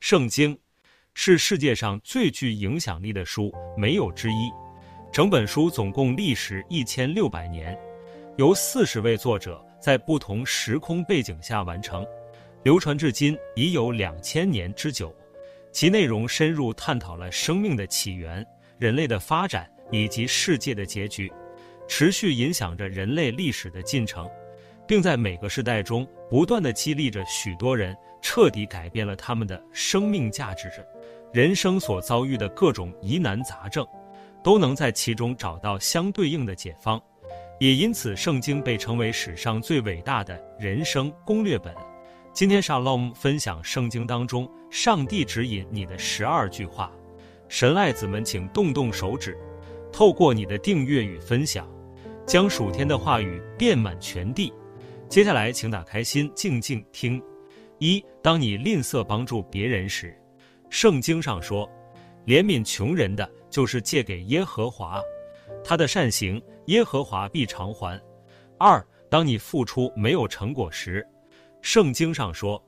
聖經是世界上最具影響力的書，沒有之一。整本書總共歷時一千六百年，由四十位作者在不同時空背景下完成，流傳至今已有兩千年之久。其內容深入探討了生命的起源、人類的發展以及世界的結局，持續影響着人類歷史的進程。並在每個時代中不斷地激勵着許多人，徹底改變了他們的生命價值。人生所遭遇的各種疑難雜症，都能在其中找到相對應的解方。也因此，聖經被稱為史上最偉大的人生攻略本。今天 Shalom 分享聖經當中上帝指引你的十二句話。神愛子們，請動動手指，透過你的訂閱與分享，將屬天的話語遍滿全地。接下來，請打開心，靜靜聽。一、當你吝嗇幫助別人時，聖經上說：“憐憫窮人的就是借給耶和華，他的善行耶和華必償還。”二、當你付出沒有成果時，聖經上說：“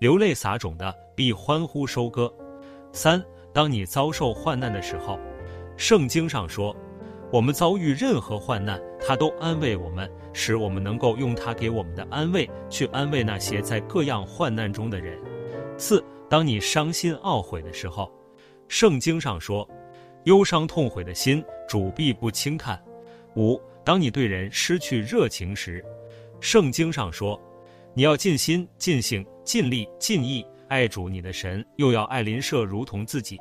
流淚撒種的必歡呼收割。”三、當你遭受患難的時候，聖經上說：“我們遭遇任何患難。”他都安慰我們，使我們能夠用他給我們的安慰去安慰那些在各樣患難中的人。四、當你傷心懊悔的時候，聖經上說：“憂傷痛悔的心，主必不輕看。”五、當你對人失去熱情時，聖經上說：“你要盡心、盡性、盡力、盡意愛主你的神，又要愛鄰舍如同自己。”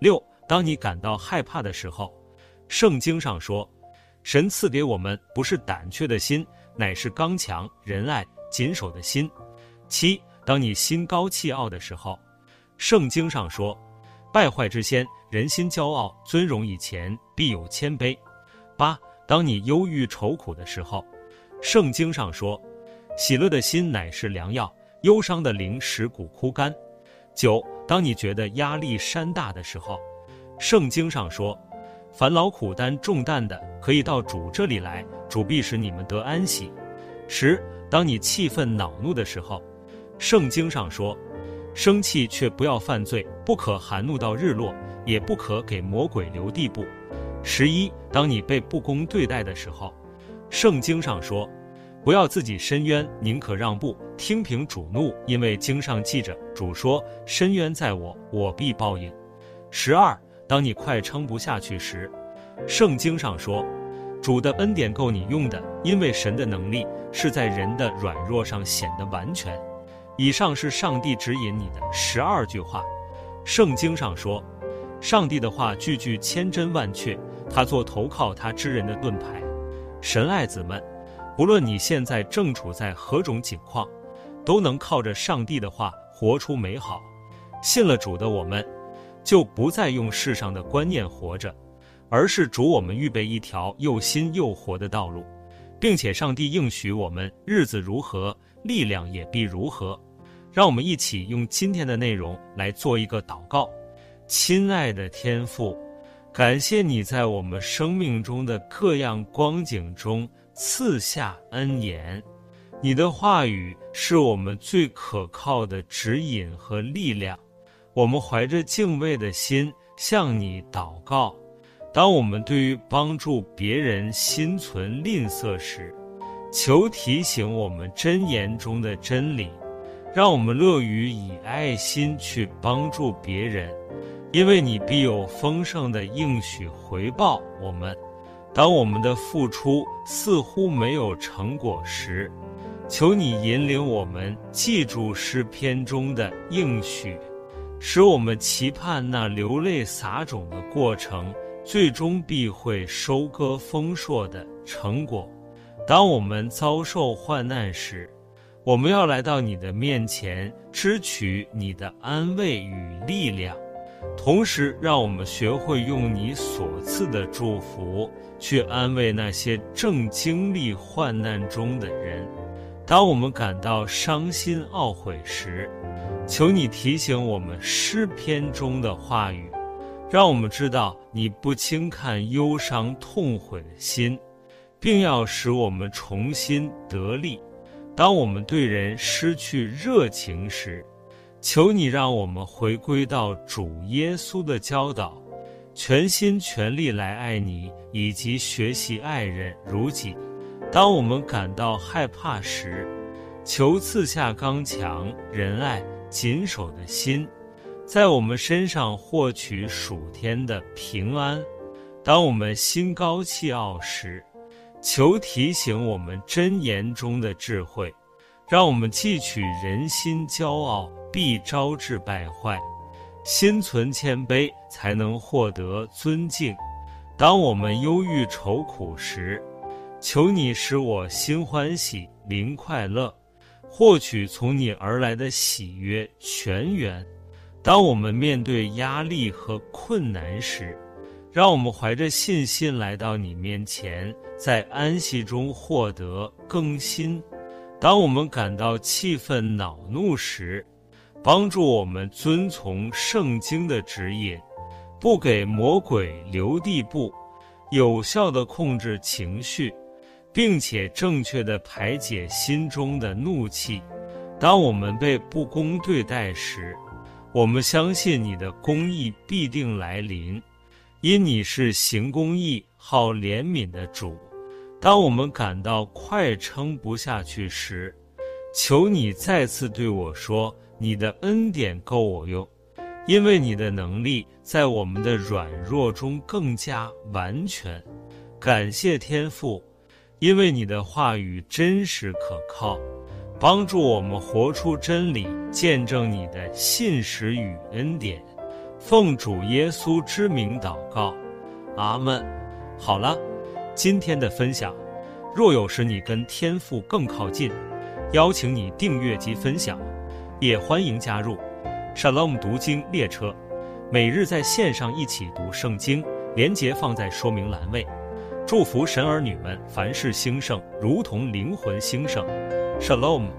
六、當你感到害怕的時候，聖經上說：神賜給我們不是膽怯的心，乃是剛強、仁愛、謹守的心。七、當你心高氣傲的時候，聖經上說：“敗壞之先，人心驕傲；尊榮以前，必有謙卑。”八、當你憂鬱愁苦的時候，聖經上說：“喜樂的心乃是良藥，憂傷的靈使骨枯乾。”九、當你覺得壓力山大的時候，聖經上說，凡勞苦擔重擔的，可以到主這裡來，主必使你們得安息。十，當你氣憤惱怒的時候，聖經上說，生氣卻不要犯罪，不可含怒到日落，也不可給魔鬼留地步。十一，當你被不公對待的時候，聖經上說，不要自己伸冤，寧可讓步，聽憑主怒，因為經上記着，主說，伸冤在我，我必報應。十二。當你快撐不下去時，聖經上說：“主的恩典夠你用的，因為神的能力是在人的軟弱上顯得完全。”以上是上帝指引你的十二句話。聖經上說：“上帝的話句句千真萬確，他做投靠他之人的盾牌。”神愛子們，不論你現在正處在何種境況，都能靠着上帝的話活出美好。信了主的我們。就不再用世上的觀念活着，而是主我們預備一條又新又活的道路，並且上帝應許我們日子如何，力量也必如何。讓我們一起用今天的內容來做一個禱告。親愛的天父，感謝你在我們生命中的各樣光景中賜下恩言，你的話語是我們最可靠的指引和力量。我們懷着敬畏的心向你禱告，當我們對於幫助別人心存吝嗇時，求提醒我們箴言中的真理，讓我們樂於以愛心去幫助別人，因為你必有豐盛的應許回報我們。當我們的付出似乎沒有成果時，求你引領我們記住詩篇中的應許。使我們期盼那流淚撒種的過程，最終必會收割豐碩的成果。當我們遭受患難時，我們要來到你的面前，支取你的安慰與力量。同時，讓我們學會用你所賜的祝福去安慰那些正經歷患難中的人。當我們感到傷心懊悔時，求你提醒我們詩篇中的話語，讓我們知道你不輕看憂傷痛悔的心，並要使我們重新得力。當我們對人失去熱情時，求你讓我們回歸到主耶穌的教導，全心全力來愛你，以及學習愛人如己。當我們感到害怕時，求賜下剛強仁愛。謹守的心，在我們身上獲取屬天的平安。當我們心高氣傲時，求提醒我們箴言中的智慧，讓我們記取人心驕傲必招致敗壞，心存謙卑才能獲得尊敬。當我們憂鬱愁，愁苦時，求你使我心歡喜，靈快樂。獲取從你而來的喜悅泉源。當我們面對壓力和困難時，讓我們懷着信心來到你面前，在安息中獲得更新。當我們感到氣憤、惱怒時，幫助我們遵從聖經的指引，不給魔鬼留地步，有效地控制情緒。並且正確地排解心中的怒氣。當我們被不公對待時，我們相信你的公義必定來臨，因你是行公義、好憐憫的主。當我們感到快撐不下去時，求你再次對我說：“你的恩典夠我用。”因為你的能力在我們的軟弱中更加完全。感謝天父。因為你的話語真實可靠，幫助我們活出真理，見證你的信實與恩典。奉主耶穌之名禱告，阿門。好了，今天的分享，若有使你跟天父更靠近，邀請你訂閱及分享，也歡迎加入 Shalom 讀經列車，每日在線上一起讀聖經。連結放在說明欄位。祝福神兒女們凡事興盛，如同靈魂興盛。Shalom。